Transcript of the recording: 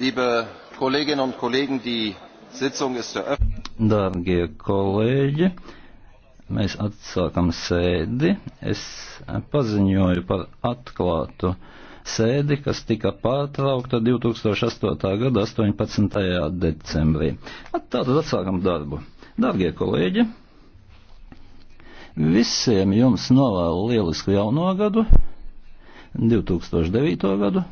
liebe Kolleginnen und Kollegen, die Sitzung ist eröffnet. Darbie kolēģi, mēs atsākam sēdi. Es paziņoju par atklātu sēdi, kas tika pārtraukta 2008. gada 18. decembrī. Tātad atsākam darbu. Darbie kolēģi, visiem jums novēlu lielisku jauno gadu, 2009. gadu.